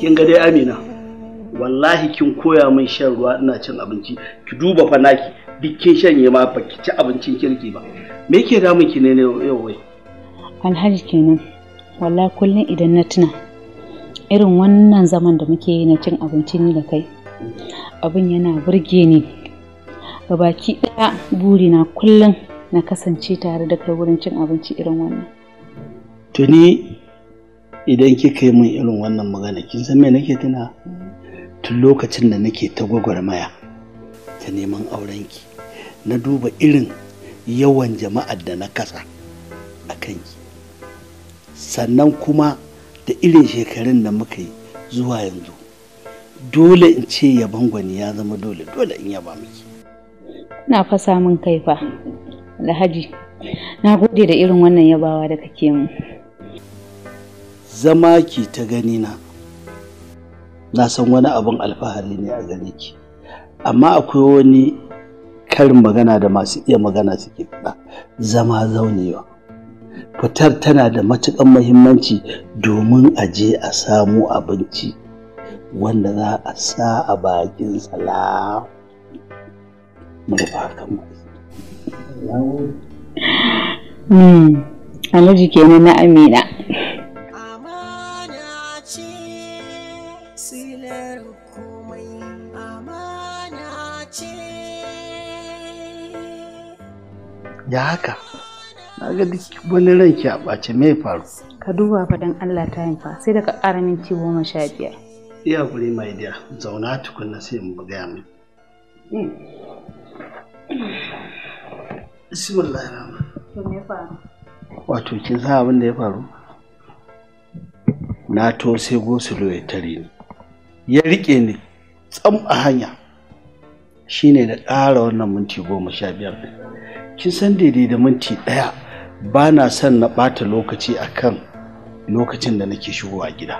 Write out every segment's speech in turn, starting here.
kin ga dai amina wallahi kin koya min shan ruwa ina cin abinci ki duba fa naki duk kin shanye ma ba ki ci abincin kirki ba me yake damun ki ne yau wai alhaji kenan wallahi kullum idan na tuna irin wannan zaman da muke yi na cin abinci ni da kai abin yana burge ni ga baki daya na kullum na kasance tare da kai wurin cin abinci irin wannan tuni idan kika yi min irin wannan magana kin san me nake tuna tun lokacin da nake ta gwagwarmaya ta neman auren ki na duba irin yawan jama'ar da na kasa a kanki sannan kuma da irin shekarun da muka yi zuwa yanzu dole in ce yaban gwani ya zama dole dole in yaba miki na fasa samun kai fa alhaji na gode da irin wannan yabawa da kake min. zama ki ta gani na na san wani abin alfahari ne a gare ki amma akwai wani karin magana da masu iya magana suke faɗa zama zaunewa fitar tana da matuƙar mahimmanci domin a je a samu abinci wanda za a sa a bakin sala hmm. Alhaji kenan na Amina. ya haka na ga duk wani ranki a ɓace mai faru ka duba fa dan Allah ta yin fa sai daga ƙaramin ci goma sha biyar iya guri mai dia zauna tukunna sai in buga min bismillahir rahmanir faru wato kin san abin da ya faru na to sai su ya tare ni ya rike ni tsam a hanya shine da ƙara wannan minti goma sha biyar kin san daidai da minti ɗaya ba na son na ɓata lokaci a kan lokacin da nake shigowa gida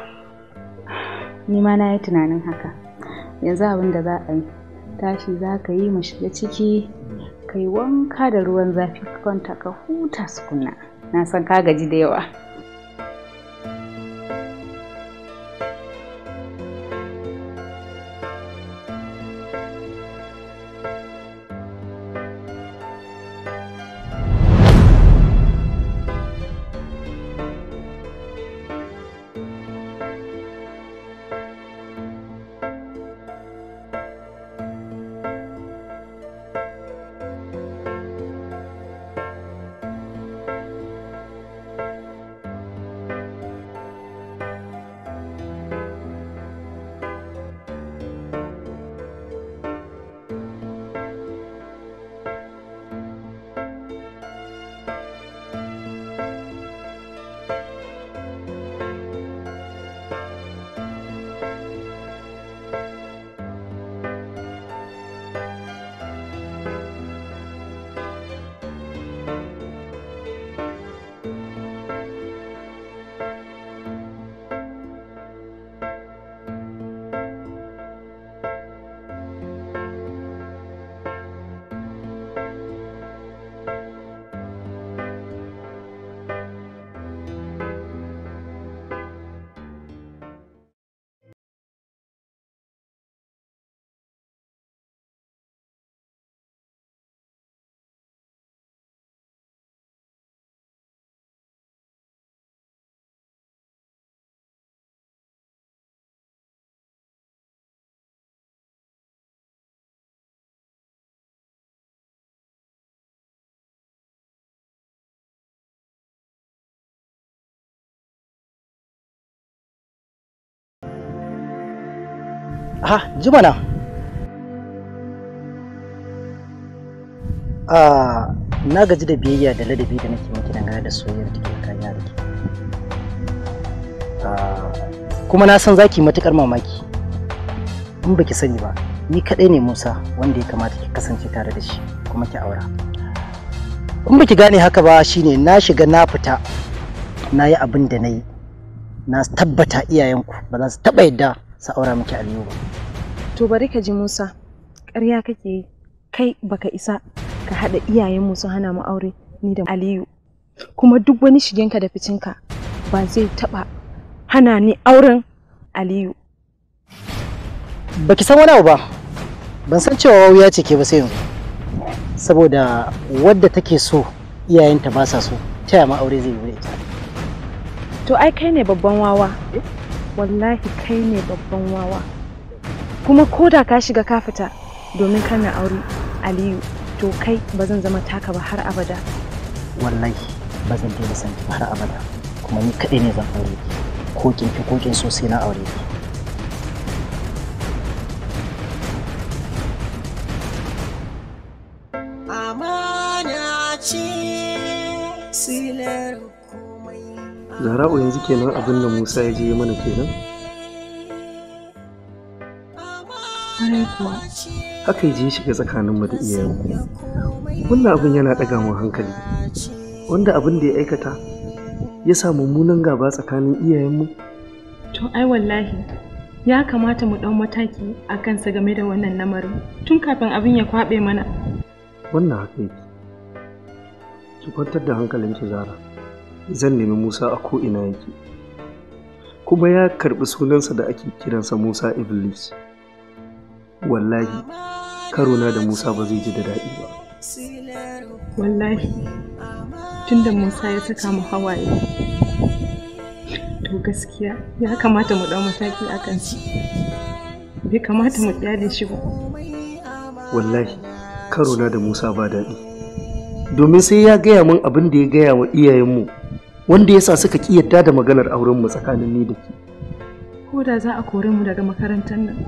ni ma na yi tunanin haka yanzu abin da za a yi tashi za ka yi mu shiga ciki kai wanka da ruwan zafi kwanta ka huta sukuna na san ka gaji da yawa Aha ji mana Ah, na gaji da biyayya da ladabi da nake miki dangane da soyayyar da ke kanya da ah, ke kuma na san zaki matukar mamaki in baki sani ba ni kadai ne Musa wanda ya kamata ki kasance tare da shi kuma ki aura in baki gane haka ba shine na shiga na fita na yi abin da na yi na tabbata iyayenku ba za su taba yadda sa aura miki aliyu ba to bari ka ji musa ƙarya kake yi kai baka isa ka haɗa iyayenmu su hana mu aure ni da aliyu kuma duk wani shigenka da ficinka ba zai taɓa hana ni auren aliyu baki san wani abu ba ban san cewa wuya ce ke ba sai yanzu saboda wadda take so iyayenta ba sa so ta ma aure zai yi ita to ai kai ne babban wawa wallahi kai ne babban wawa kuma ko da ka shiga ka fita domin kana aure aliyu to kai ba zan zama taka ba har abada wallahi ba zan daina san ki har abada kuma ni kaɗai ne zan aure ki ko kin ki ko kin so sai na aure ki zara'u yanzu kenan abin da musa ya je mana kenan haka ya je shiga tsakaninmu da iyayenmu wannan abin yana ɗaga mu hankali wanda abin da ya aikata ya sa mummunan gaba tsakanin iyayenmu to ai wallahi ya kamata mu ɗau mataki a kansa game da wannan lamarin tun kafin abin ya kwaɓe mana wannan haka yake ki kwantar da hankalinki zara zan nemi Musa a ko'ina yake, kuma ya karɓi sunansa da ake kiransa Musa Iblis. Wallahi, karuna da Musa ba zai ji da daɗi ba. Wallahi, tunda Musa ya saka mu hawaye, to gaskiya ya kamata mu ɗau mataki a kansu. Bai kamata mu ƙyale shi ba. Wallahi, karuna da Musa ba daɗi. domin sai ya gaya min abin da ya gaya wa iyayenmu wanda yasa suka kiyarta da maganar auren mu tsakanin ni da ke ko da za a kore mu daga makarantar nan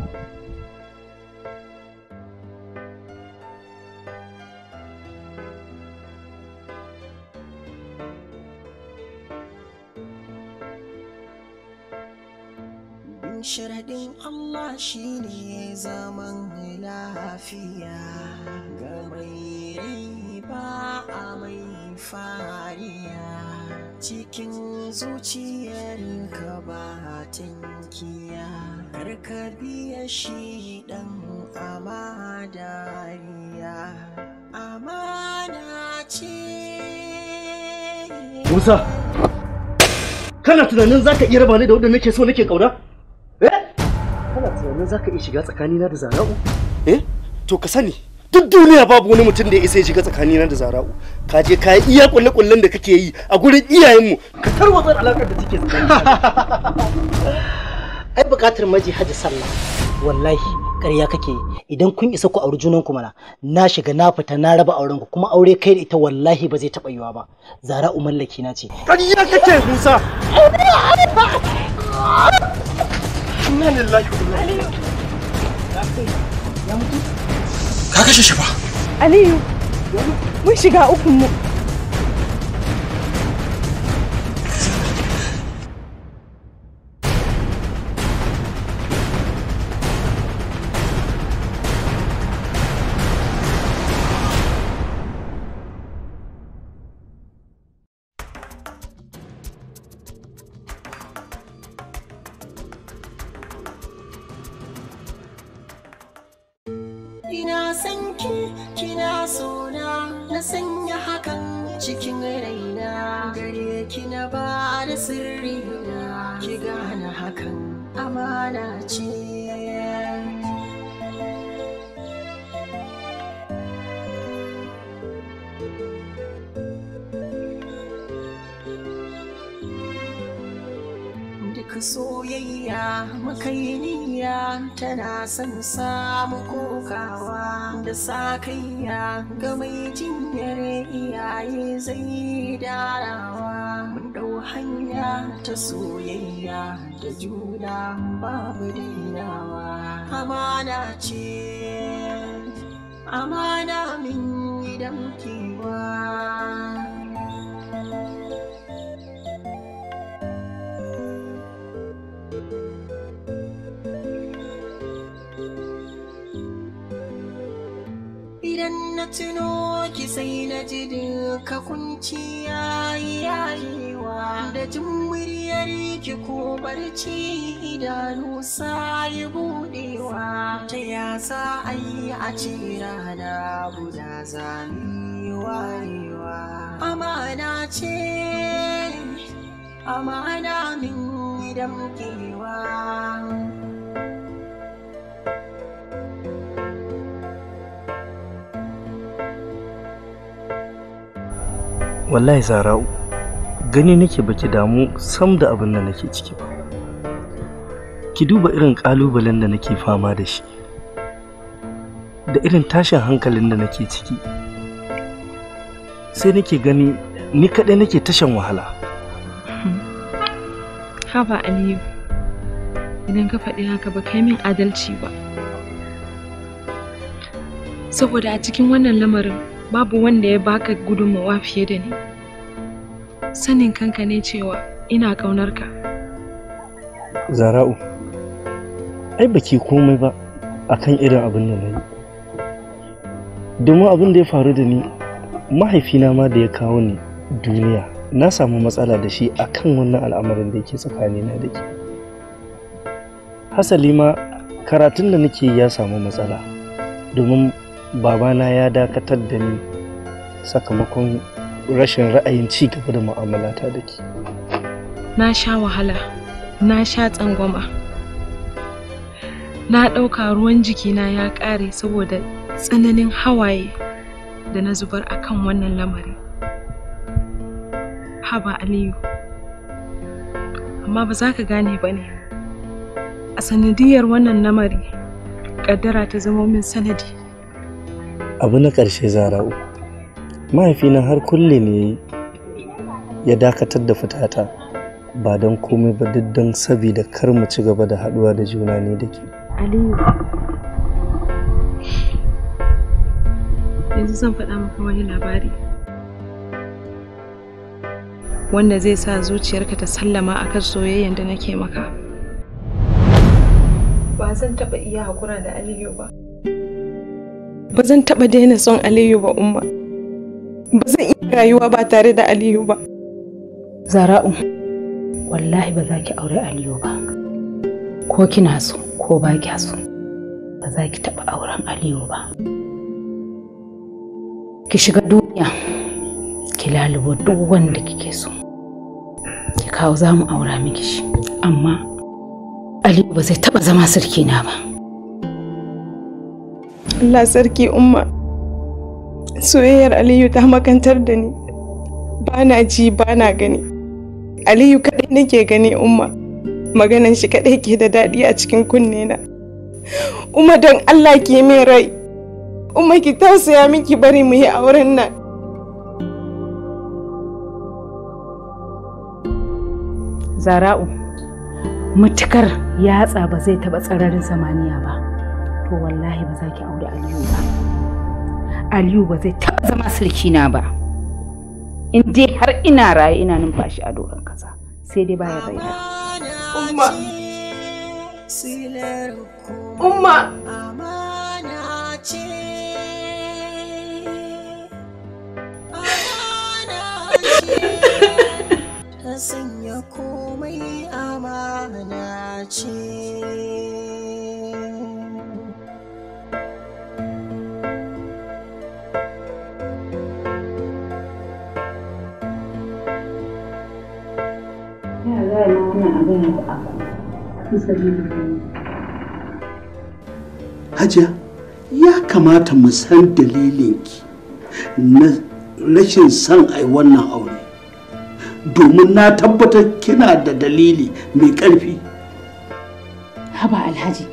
sharaɗin Allah shi ne zaman lafiya ga mai riba a mai fa'a. cikin zuciyarka ba tinkiya karka biya shi dan amadariya amana ce Musa kana tunanin zaka iya raba ni da wanda nake so nake kaura eh kana tunanin zaka iya shiga tsakanina da Zara'u eh to ka sani duk duniya babu wani mutum da ya isa shiga shiga tsakanina da zara'u ka je ka iya kulle kullen da kake yi a gurin iyayenmu ka tarwatsar alakar da take ai bukatar maji haji sallah wallahi ƙarya kake idan kun isa ku auri junan ku mana na shiga na fita na raba auren ku kuma aure kai da ita wallahi ba zai taɓa yiwa ba zara'u mallaki na ce ƙarya kake musa inna lillahi wa inna ilaihi ya mutu ka kashe shi ba aliyu mun shiga ukun mu da ba da sirri na ki gane hakan amana ce duk soyayya makainiya tana son samu kokawa da sakayya ga mai jinyar iyaye zai darawa hanya ta soyayya da juna babu dinawa. amana ce amana min idan kewa idan na tuno ki sai na ji duka kunci yayi da jin muryar ko barci idanu yi budewa ta ya a yi a cira da guda zami wayewa amana ce amana min wallahi zara'u gani nake baki damu sam da abin da nake ciki ba ki duba irin kalubalen da nake fama da shi da irin tashin hankalin da nake ciki sai nake gani ni kadai nake tashan wahala haba aliyu idan ka faɗi haka ba kai min adalci ba saboda a cikin wannan lamarin babu wanda ya baka gudunmawa fiye da ni sanin kanka ne cewa ina kaunar ka. Zara'u, ai baki komai ba akan irin abin da na yi. Domin abin da ya faru da ni, mahaifina ma da ya kawo ni duniya, na samu matsala da shi akan wannan al'amarin da yake tsakanina da ke. Hasali ma karatun da nake ya samu matsala, domin babana ya dakatar da ni sakamakon rashin ra'ayin ci gaba da mu'amalata da ke. Na sha wahala, na sha tsangwama. Na ɗauka ruwan jikina ya ƙare saboda tsananin hawaye da na zubar a kan wannan lamari. Haba Aliyu, amma ba za ka gane ba ne. A sanadiyar wannan lamari, ƙaddara ta zama min sanadi. Abu na ƙarshe uku. mahaifina har kulle ne ya dakatar da fitata ba don komai ba duk don sabida kar mu ci gaba da haduwa da juna ne da ke yanzu zan faɗa maka wani labari wanda zai sa zuciyarka ta sallama a akan soyayyar da nake maka ba zan taɓa iya haƙura da aliyu ba ba zan taɓa daina son aliyu ba umma ba zan iya rayuwa ba tare da Aliyu ba. Zara'u, wallahi ba za ki aure Aliyu ba. Ko kina so ko ba kya so, ba za ki taɓa auren Aliyu ba. Ki shiga duniya, ki lalubo duk wanda kike so. Ki kawo za mu aura miki shi, amma Aliyu ba zai taɓa zama sarki na ba. Allah sarki umma. soyayyar aliyu ta makantar da ni ba na ji ba na gani aliyu kaɗai nake gani umma maganan shi kaɗai ke da daɗi a cikin kunne na umma don allah ke mai rai umma ki tausaya miki bari mu yi auren nan zara'u mutukar yatsa ba zai taɓa tsararin samaniya ba to wallahi ba za ki aure aliyu ba Aliyu ba zai taɓa zama sarki na ba. In dai har ina raye ina numfashi a doron kasa sai dai baya raina. Umma! Umma! sanya komai amana ce. Hajiya, ya kamata mu san dalilinki na rashin son ai wannan aure. Domin na tabbatar kina da dalili mai ƙarfi. Haba Alhaji,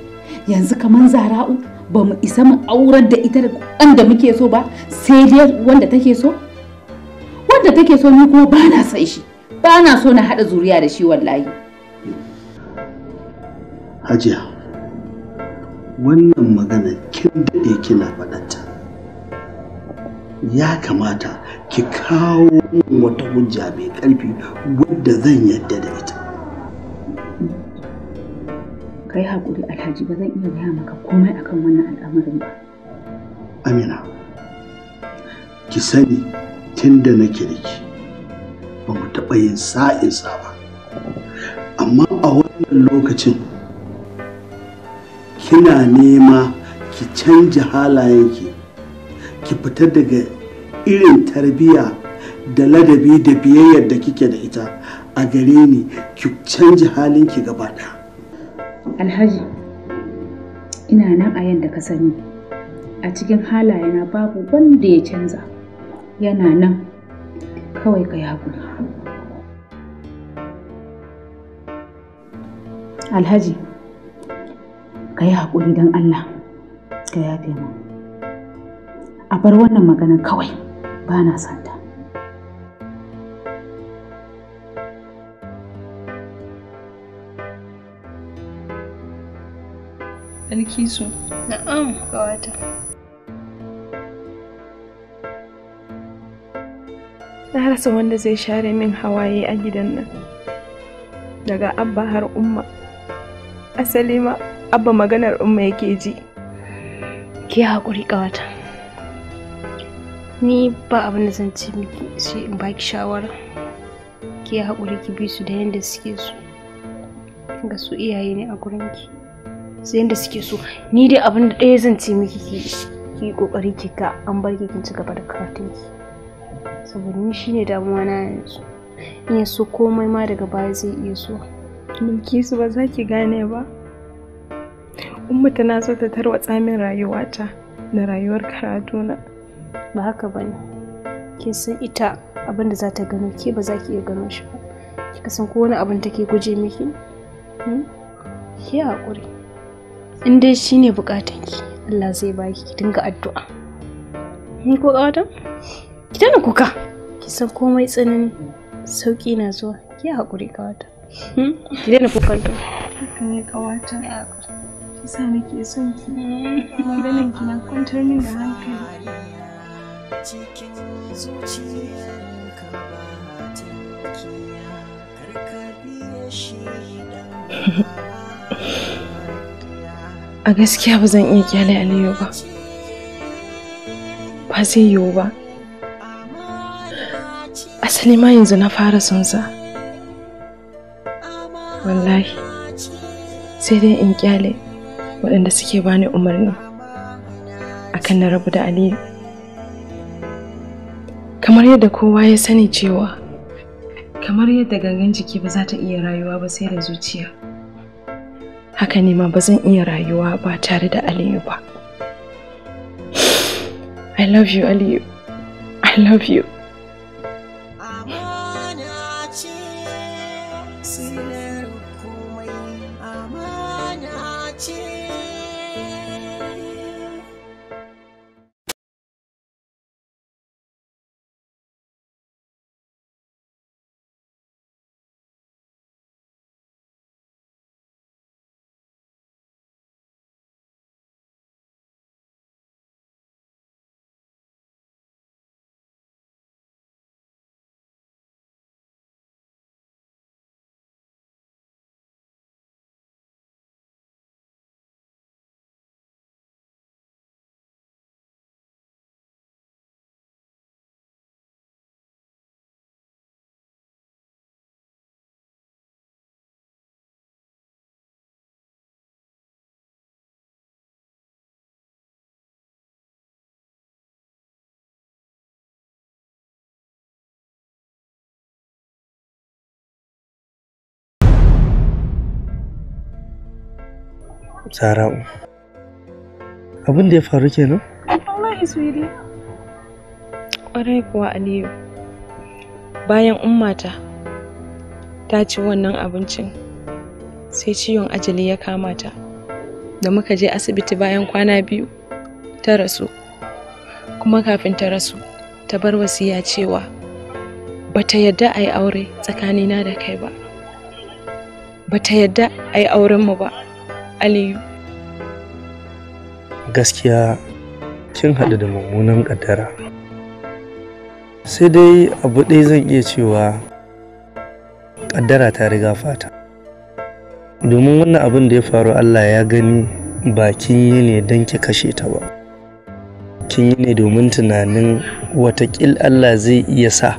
yanzu kamar zara'u ba mu isa mu aurar da ita da wanda muke so ba sai dai wanda take so? Wanda take so ni kuma ba na son shi, ba na so na haɗa zuriya da shi wallahi. Hajiya, wannan magana kin daɗe kina faɗanta. Ya kamata ki kawo min wata hujja mai ƙarfi wadda zan yadda da ita. Kai haƙuri Alhaji ba zan iya gaya maka komai akan wannan al'amarin ba. Amina, ki sani tun da ke da ki ba mu taɓa yin sa'insa ba. Amma a wannan lokacin kina nema ki canja halayenki ki fita daga irin tarbiyya da ladabi da biyayyar da kike da ita a gare ni ki canja halinki gaba alhaji ina nan a yadda ka sani a cikin halayena babu wanda ya canza yana nan kawai ka hakuri alhaji ka yi haƙuri don Allah ka yafe mu a bar wannan magana kawai ba na santa Alkisu. Na'am, kawata. Na rasa wanda zai share min hawaye a gidan nan. Daga Abba har Umma. Asali ma abba maganar umma yake ji ki haƙuri ƙawata ni ba abin da zan ce miki shi in baki shawara ki haƙuri ki bi su da yadda suke so ga su iyaye ne a gurin ki sai yadda suke so ni dai abin da ɗaya zan ce miki ki ki kokari ki ga an bar ki kin ci gaba da karatun ki saboda ni shine damuwa na yanzu in so komai ma daga baya zai iya so Bilkisu ba za ki gane ba. umma tana so ta tarwatsa min rayuwata da rayuwar karatuna ba haka ba ne kin san ita abin da za ta gano ke ba za ki iya gano shi ba ki san ko wani abin take guje miki hmm? ki hakuri in dai shi ne ki Allah zai baki ki dinga addu'a ni ko ƙawata ki tana kuka ki san komai tsanani sauƙi na zuwa ki hakuri hmm? ƙawata ki dena kukan to ne ƙawata ya hakuri kisa nake son ki mm. maganin ki ba karka biye a gaskiya ba zan iya kyale aliyu ba ba zai yiwu ba asali ma yanzu na fara sonsa wallahi sai dai in kyale waɗanda suke bani umarni akan na rabu da aliyu kamar yadda kowa ya sani cewa kamar yadda gangan jiki ba za ta iya rayuwa ba sai da zuciya haka ne ma ba zan iya rayuwa ba tare da aliyu ba i love you aliyu i love you Sara'u. Abin da ya faru kenan? Wallahi sweetie. kuwa Aliyu. Bayan ummata ta ci wannan abincin sai ciwon ajali ya kama ta. Da muka je asibiti bayan kwana biyu ta rasu. Kuma kafin ta rasu ta bar wasiya cewa bata yadda a yi aure tsakanina da kai ba. Bata yadda a yi aurenmu ba. Aliyu. Gaskiya kin haɗu da mummunan ƙaddara. Sai dai abu ɗaya zan iya cewa ƙaddara ta riga fata. Domin wannan abin da ya faru Allah ya gani ba kin yi ne don ki kashe ta ba. Kin yi ne domin tunanin watakil Allah zai iya sa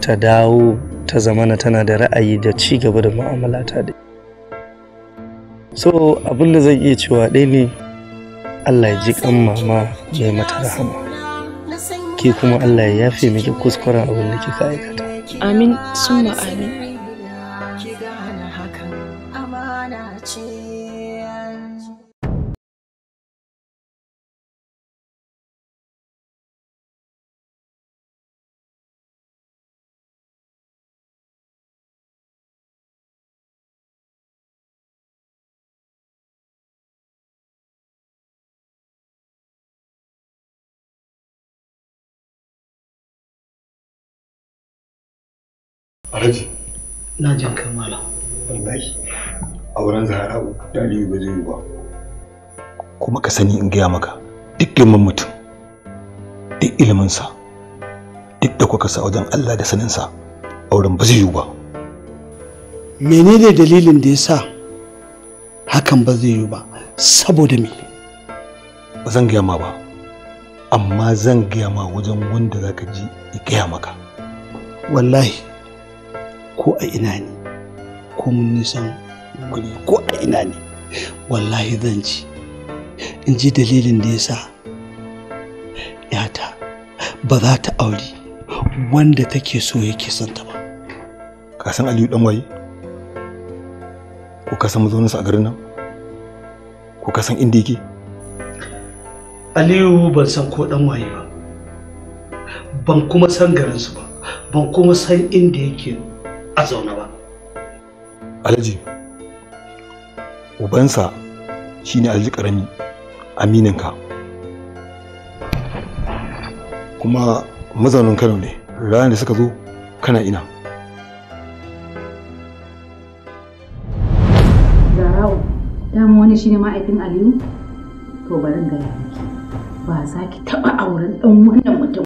ta dawo ta zamana tana da ra'ayi da ci gaba da mu'amala ta da so abin da zan iya cewa ɗaya ne allah ya ji kan mama mai mata rahama ke kuma allah ya yafe miki kuskuren abin da kika aikata amin summa amin Alhaji. Na jin kai mala. Wallahi. Auren Zahra'u da Aliyu ba zai yi ba. Kuma ka sani in gaya maka duk girman mutum duk iliminsa duk da kuka sa wajen Allah da saninsa auren ba zai yi ba. Menene dalilin da ya sa hakan ba zai yi ba saboda me? Ba zan gaya ma ba. amma zan gaya ma wajen wanda zaka ji ya gaya maka wallahi ko a ina ne ko mun nisan guri ko a ina ne wallahi zan ci in ji dalilin da ya sa yata ba za ta aure wanda take so yake son ta ba ka san aliyu dan waye ko ka san sa a garin nan ko ka san inda yake aliyu ban san ko dan waye ba ban kuma san garinsu ba ban kuma san inda yake a zaune ba alhaji ubansa shine alhaji karami amininka kuma mazaunin kano ne ranar da suka zo kana ina zarau dama wani shine ma'aikin aliyu to barin gaya ba za ki taɓa auren ɗan wannan mutum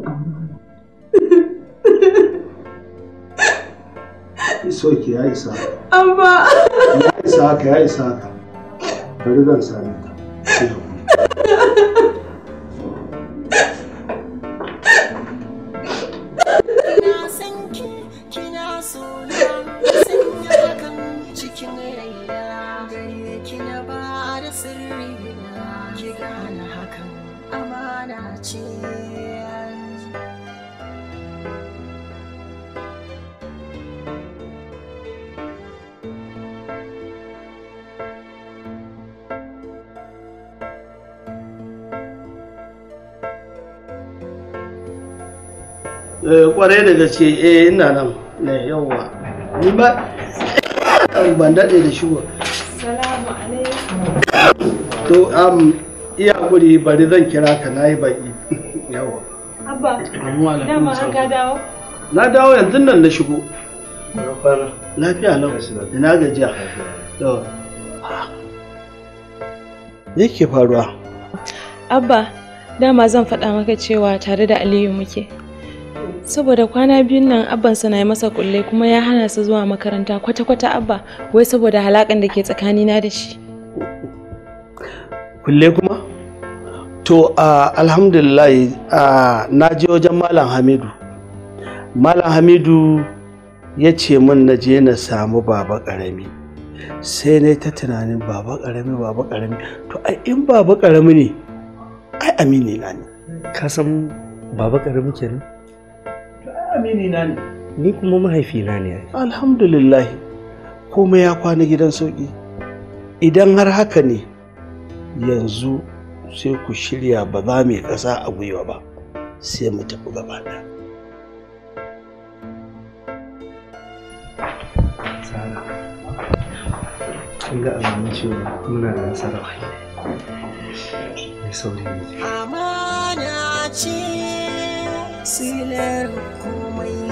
ki aure wani. Iso ki ya isa. Amma. Ya isa ka ya isa haka. Bari zan sami ka. Eh, kwarai da gaske eh ina nan ne yawwa ni ba ban daɗe da shigo salamu alaikum to am iya guri bari zan kira ka nayi baki yawwa abba dama an ka dawo na dawo yanzu nan na shigo lafiya lau ina gajiya to yake faruwa abba dama zan faɗa maka cewa tare da aliyu muke saboda kwana biyun nan abbansa na yi masa kulle kuma ya hana sa zuwa makaranta kwata-kwata abba wai saboda halakan da ke tsakanina da shi kulle kuma to alhamdulillah na je wajen malam hamidu malam hamidu ya ce min na je na samu baba karami sai na ta tunanin baba karami baba karami to ai in baba karami ne ai amini na ne ka san baba karami kenan amini na ne ni kuma mahaifina ne alhamdulillah komai ya kwana gidan sauki idan har haka ne yanzu sai ku shirya ba za mu ƙasa a gwiwa ba sai mu tafi gaba ga alamun cewa muna da nasara mai sauri ne silar komai